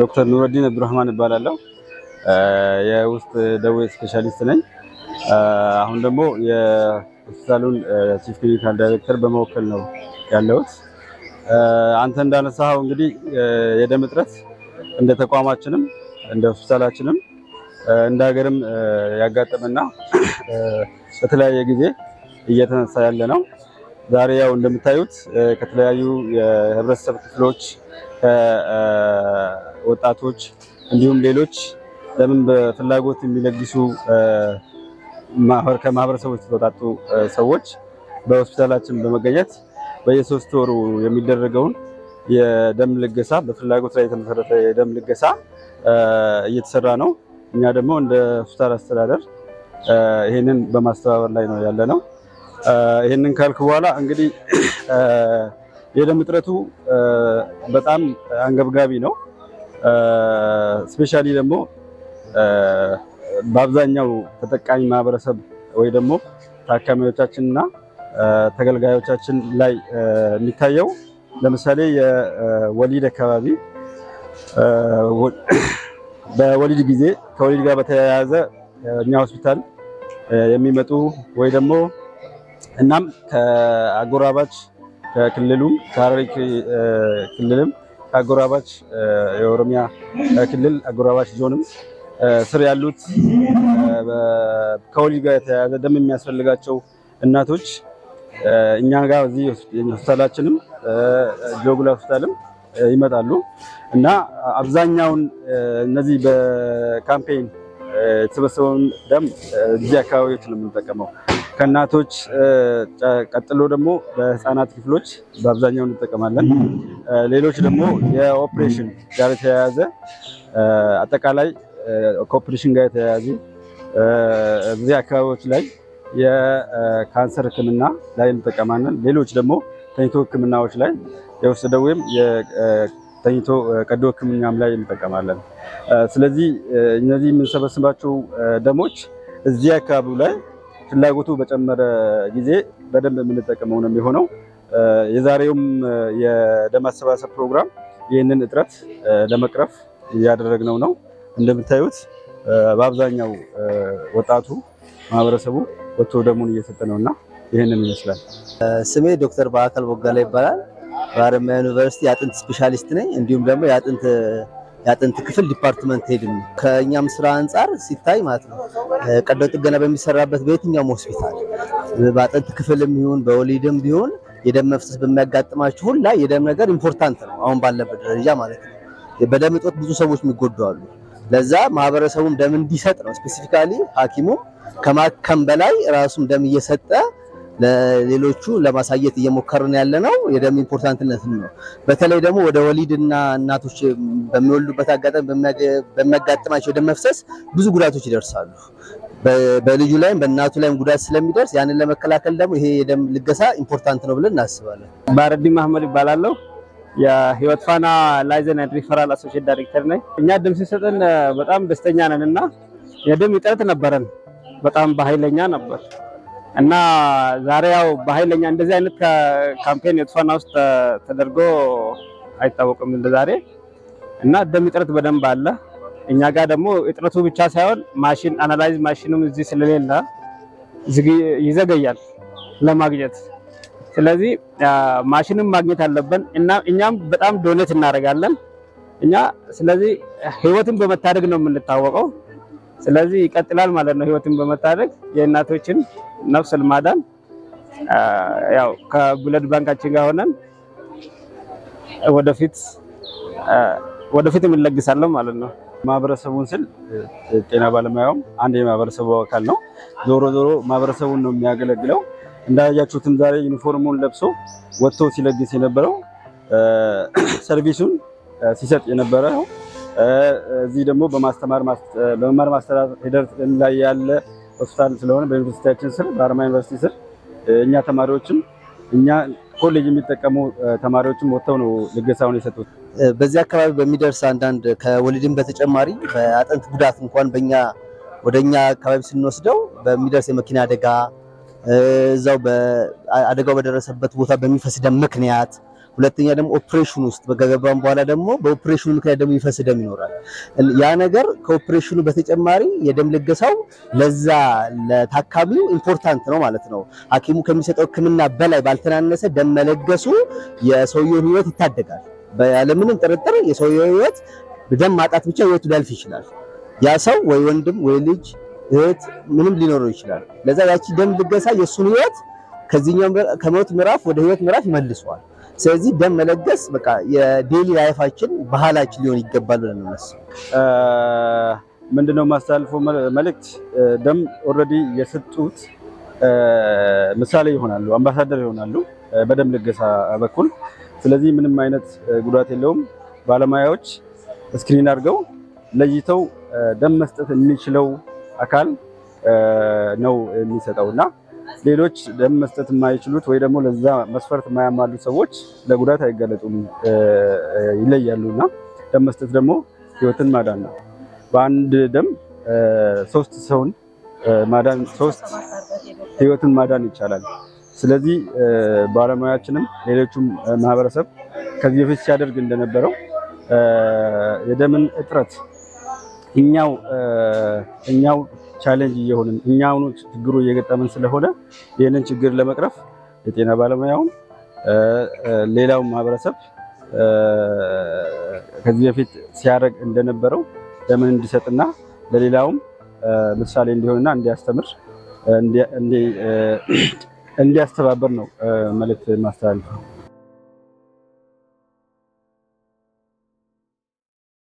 ዶክተር ኑረዲን አብዱራህማን እባላለሁ። የውስጥ ደዌ ስፔሻሊስት ነኝ። አሁን ደግሞ የሆስፒታሉን ቺፍ ክሊኒካል ዳይሬክተር በመወከል ነው ያለሁት። አንተ እንዳነሳኸው እንግዲህ የደም እጥረት እንደ ተቋማችንም እንደ ሆስፒታላችንም እንደ ሀገርም ያጋጠመና በተለያየ ጊዜ እየተነሳ ያለ ነው። ዛሬ ያው እንደምታዩት ከተለያዩ የህብረተሰብ ክፍሎች ወጣቶች እንዲሁም ሌሎች ለምን በፍላጎት የሚለግሱ ከማህበረሰቦች የተወጣጡ ሰዎች በሆስፒታላችን በመገኘት በየሶስት ወሩ የሚደረገውን የደም ልገሳ በፍላጎት ላይ የተመሰረተ የደም ልገሳ እየተሰራ ነው። እኛ ደግሞ እንደ ሆስፒታል አስተዳደር ይህንን በማስተባበር ላይ ነው ያለ ነው። ይህንን ካልክ በኋላ እንግዲህ የደም እጥረቱ በጣም አንገብጋቢ ነው። ስፔሻሊ ደግሞ በአብዛኛው ተጠቃሚ ማህበረሰብ ወይ ደግሞ እና ተገልጋዮቻችን ላይ የሚታየው ለምሳሌ የወሊድ አካባቢ በወሊድ ጊዜ ከወሊድ ጋር በተያያዘ እኛ ሆስፒታል የሚመጡ ወይ ደግሞ እናም ከአጎራባች ከክልሉም ከሀረሪ ክልልም አጎራባች የኦሮሚያ ክልል አጎራባች ዞንም ስር ያሉት ከወሊድ ጋር የተያያዘ ደም የሚያስፈልጋቸው እናቶች እኛ ጋር እዚህ ሆስፒታላችንም ጆጉላ ሆስፒታልም ይመጣሉ እና አብዛኛውን እነዚህ በካምፔይን የተሰበሰበውን ደም እዚህ አካባቢዎች ነው የምንጠቀመው። ከእናቶች ቀጥሎ ደግሞ በህፃናት ክፍሎች በአብዛኛው እንጠቀማለን። ሌሎች ደግሞ የኦፕሬሽን ጋር የተያያዘ አጠቃላይ ከኦፕሬሽን ጋር የተያያዘ እዚህ አካባቢዎች ላይ የካንሰር ህክምና ላይ እንጠቀማለን። ሌሎች ደግሞ ተኝቶ ህክምናዎች ላይ የውስጥ ደዌም ተኝቶ ቀዶ ህክምናም ላይ እንጠቀማለን። ስለዚህ እነዚህ የምንሰበስባቸው ደሞች እዚህ አካባቢው ላይ ፍላጎቱ በጨመረ ጊዜ በደንብ የምንጠቀመው ነው የሚሆነው። የዛሬውም የደም አሰባሰብ ፕሮግራም ይህንን እጥረት ለመቅረፍ እያደረግነው ነው። እንደምታዩት በአብዛኛው ወጣቱ ማህበረሰቡ ወጥቶ ደሙን እየሰጠ ነው እና ይህንን ይመስላል። ስሜ ዶክተር በአካል ቦጋላ ይባላል። በሀረማያ ዩኒቨርሲቲ የአጥንት ስፔሻሊስት ነኝ። እንዲሁም ደግሞ የአጥንት የአጥንት ክፍል ዲፓርትመንት ሄድም ከእኛም ስራ አንጻር ሲታይ ማለት ነው ቀዶ ጥገና በሚሰራበት በየትኛውም ሆስፒታል በአጥንት ክፍልም ይሁን በወሊድም ቢሆን የደም መፍሰስ በሚያጋጥማቸው ሁላ የደም ነገር ኢምፖርታንት ነው፣ አሁን ባለበት ደረጃ ማለት ነው። በደም እጦት ብዙ ሰዎች የሚጎዱ አሉ። ለዛ ማህበረሰቡም ደም እንዲሰጥ ነው ስፔሲፊካሊ ሐኪሙም ከማከም በላይ ራሱም ደም እየሰጠ ለሌሎቹ ለማሳየት እየሞከርን ያለ ነው። የደም ኢምፖርታንትነት ነው። በተለይ ደግሞ ወደ ወሊድና እናቶች በሚወልዱበት አጋጣሚ በሚያጋጥማቸው ደም መፍሰስ ብዙ ጉዳቶች ይደርሳሉ። በልጁ ላይም በእናቱ ላይም ጉዳት ስለሚደርስ ያንን ለመከላከል ደግሞ ይሄ የደም ልገሳ ኢምፖርታንት ነው ብለን እናስባለን። ባረዲ ማህመድ ይባላለሁ። የህይወት ፋና ላይዘን ኤንድ ሪፈራል አሶሼት ዳይሬክተር ነኝ። እኛ ደም ሲሰጠን በጣም ደስተኛ ነን እና የደም ይጠረት ነበረን። በጣም በኃይለኛ ነበር እና ዛሬ ያው በኃይለኛ እንደዚህ አይነት ካምፔን የቱፋና ውስጥ ተደርጎ አይታወቅም እንደ ዛሬ እና ደም እጥረት በደንብ አለ። እኛ ጋር ደግሞ እጥረቱ ብቻ ሳይሆን ማሽን አናላይዝ ማሽንም እዚህ ስለሌለ ይዘገያል ለማግኘት። ስለዚህ ማሽንም ማግኘት አለብን እና እኛም በጣም ዶኔት እናደርጋለን። እኛ ስለዚህ ህይወትን በመታደግ ነው የምንታወቀው። ስለዚህ ይቀጥላል ማለት ነው። ህይወትን በመታደግ የእናቶችን ነፍስ ልማዳን ያው ከብለድ ባንካችን ጋር ሆነን ወደፊት ወደፊት እንለግሳለን ማለት ነው። ማህበረሰቡን ስል ጤና ባለሙያውም አንድ የማህበረሰቡ አካል ነው። ዞሮ ዞሮ ማህበረሰቡን ነው የሚያገለግለው። እንዳያችሁትም ዛሬ ዩኒፎርሙን ለብሶ ወጥቶ ሲለግስ የነበረው ሰርቪሱን ሲሰጥ የነበረው እዚህ ደግሞ በማስተማር በመማር ማስተማር ሂደት ላይ ያለ ሆስፒታል ስለሆነ በዩኒቨርሲቲያችን ስር በአርማ ዩኒቨርሲቲ ስር እኛ ተማሪዎችም እኛ ኮሌጅ የሚጠቀሙ ተማሪዎችም ወጥተው ነው ልገሳውን የሰጡት። በዚህ አካባቢ በሚደርስ አንዳንድ ከወሊድም በተጨማሪ በአጥንት ጉዳት እንኳን በእኛ ወደ እኛ አካባቢ ስንወስደው በሚደርስ የመኪና አደጋ እዛው አደጋው በደረሰበት ቦታ በሚፈስ ደም ምክንያት ሁለተኛ ደግሞ ኦፕሬሽን ውስጥ በገባን በኋላ ደግሞ በኦፕሬሽኑ ምክንያት ደግሞ ይፈስ ደም ይኖራል። ያ ነገር ከኦፕሬሽኑ በተጨማሪ የደም ልገሳው ለዛ ለታካሚው ኢምፖርታንት ነው ማለት ነው። ሐኪሙ ከሚሰጠው ሕክምና በላይ ባልተናነሰ ደም መለገሱ የሰውየውን ህይወት ይታደጋል። ያለምንም ጥርጥር የሰውየው ህይወት ደም ማጣት ብቻ ህይወቱ ሊያልፍ ይችላል። ያ ሰው ወይ ወንድም ወይ ልጅ እህት ምንም ሊኖረው ይችላል። ለዛ ያቺ ደም ልገሳ የእሱን ህይወት ከዚህኛው ከሞት ምዕራፍ ወደ ህይወት ምዕራፍ ይመልሰዋል። ስለዚህ ደም መለገስ በቃ የዴሊ ላይፋችን ባህላችን ሊሆን ይገባል ብለን ነው ምንድነው ማስተላልፎ መልእክት ደም ኦልሬዲ የሰጡት ምሳሌ ይሆናሉ፣ አምባሳደር ይሆናሉ በደም ልገሳ በኩል። ስለዚህ ምንም አይነት ጉዳት የለውም። ባለሙያዎች ስክሪን አድርገው ለይተው ደም መስጠት የሚችለው አካል ነው የሚሰጠው እና ሌሎች ደም መስጠት የማይችሉት ወይ ደግሞ ለዛ መስፈርት የማያማሉ ሰዎች ለጉዳት አይገለጡም ይለያሉ። እና ደም መስጠት ደግሞ ህይወትን ማዳን ነው። በአንድ ደም ሶስት ሰውን ማዳን ሶስት ህይወትን ማዳን ይቻላል። ስለዚህ ባለሙያችንም ሌሎቹም ማህበረሰብ ከዚህ በፊት ሲያደርግ እንደነበረው የደምን እጥረት እኛው ቻሌንጅ እየሆንን እኛ አሁኑ ችግሩ እየገጠመን ስለሆነ ይህንን ችግር ለመቅረፍ የጤና ባለሙያውም ሌላው ማህበረሰብ ከዚህ በፊት ሲያደርግ እንደነበረው ለምን እንዲሰጥና ለሌላውም ምሳሌ እንዲሆንና እንዲያስተምር እንዲያስተባበር ነው መልእክት ማስተላለፍ ነው።